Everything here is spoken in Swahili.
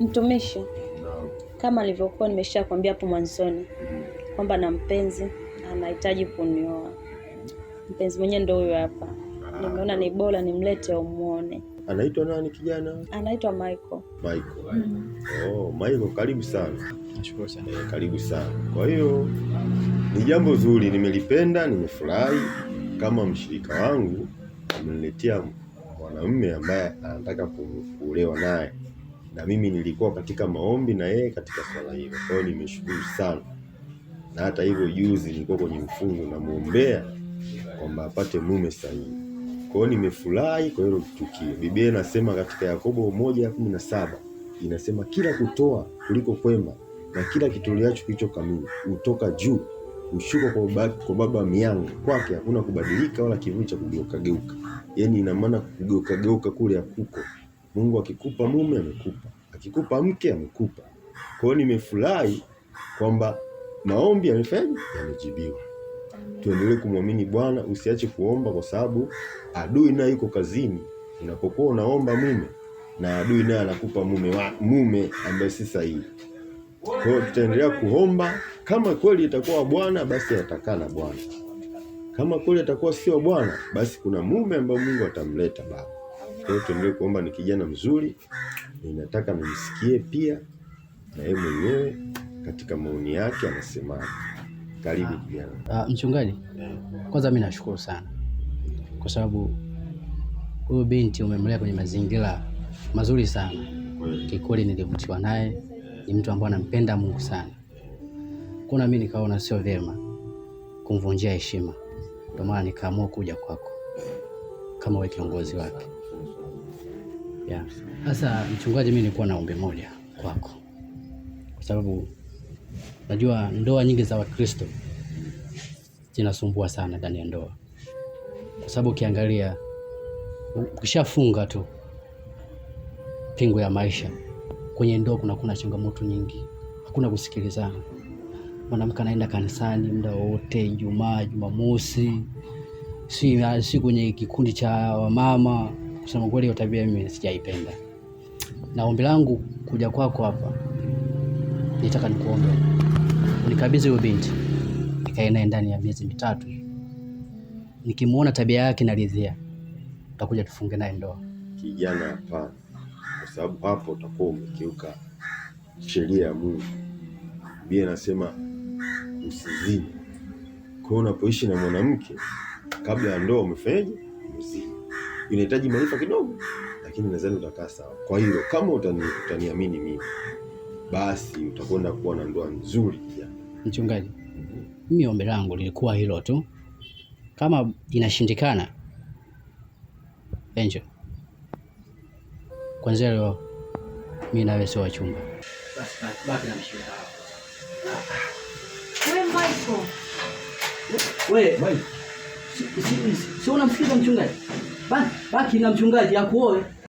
Mtumishi, kama nilivyokuwa nimeshakwambia hapo mwanzoni kwamba na mpenzi anahitaji kunioa. Mpenzi mwenyewe ndio huyo hapa. Nimeona ni bora nimlete umuone. Anaitwa nani kijana? Anaitwa Michael. Michael. Mm. Oh, Michael karibu sana. Nashukuru sana. Eh, karibu sana. Kwa hiyo ni jambo zuri, nimelipenda, nimefurahi kama mshirika wangu ameniletea mwanamume ambaye anataka kuolewa naye na mimi nilikuwa katika maombi na yeye katika swala hilo. Kwa hiyo nimeshukuru sana, na hata hivyo juzi nilikuwa kwenye mfungo namwombea kwamba apate mume sahihi. Kwa hiyo nimefurahi kwa hilo tukio. Biblia inasema katika Yakobo moja ya kumi na saba inasema kila kutoa kuliko kwema na kila kitoleacho kilicho kamili hutoka juu ushuka kwa baba, kwa baba miangu kwake hakuna kubadilika wala kivuli cha kugeuka geuka. Yaani ina maana kugeuka geuka kule hakuko. Mungu akikupa mume amekupa, akikupa mke amekupa. Kwa hiyo nimefurahi kwamba maombi yamefanya yamejibiwa. Tuendelee kumwamini Bwana, usiache kuomba, kwa sababu adui naye yuko kazini. Unapokuwa unaomba mume na adui naye anakupa mume wa, mume ambaye si sahihi. Kwa hiyo tutaendelea kuomba, kama kweli itakuwa Bwana basi atakaa na Bwana, kama kweli atakuwa sio Bwana basi kuna mume ambaye Mungu atamleta baba yote kuomba ni kijana mzuri, ninataka nimsikie pia na yeye mwenyewe katika maoni yake anasema Karibu kijana. Ah, ah, mchungaji, kwanza mimi nashukuru sana kwa sababu huyu binti umemlea kwenye mazingira mazuri sana. Kikweli nilivutiwa naye, ni mtu ambaye anampenda Mungu sana. Kuna mimi nikaona sio vyema kumvunjia heshima, ndio maana nikaamua kuja kwako kama wewe kiongozi wake. Sasa Mchungaji, mimi nilikuwa na ombi moja kwako, kwa sababu najua ndoa nyingi za Wakristo zinasumbua sana ndani ya ndoa, kwa sababu ukiangalia, ukishafunga tu pingu ya maisha kwenye ndoa kuna kuna changamoto nyingi, hakuna kusikilizana. Mwanamke anaenda kanisani muda wote, Ijumaa, Jumamosi, si si kwenye kikundi cha wamama kusema kweli, hiyo tabia mimi sijaipenda, na ombi langu kuja kwako hapa, nitaka nikuombe unikabidhi huyo binti nikae naye ndani ya miezi mitatu. Nikimuona tabia yake naridhia, utakuja tufunge naye ndoa. Kijana, hapana, kwa sababu hapo utakuwa umekiuka sheria ya Mungu. Biblia inasema usizini. Kwa hiyo unapoishi na mwanamke kabla ya ndoa umefanyaje? Usizini inahitaji maarifa kidogo, lakini nadhani utakaa sawa. Kwa hiyo kama utani, utaniamini mimi basi utakwenda kuwa na ndoa nzuri kijana. Mchungaji, mimi ombi langu lilikuwa hilo tu, kama inashindikana Angel, kwanza leo mimi nawe sio wachumba. na wewe, si unamsikiza mchungaji? baki na mchungaji akuoe.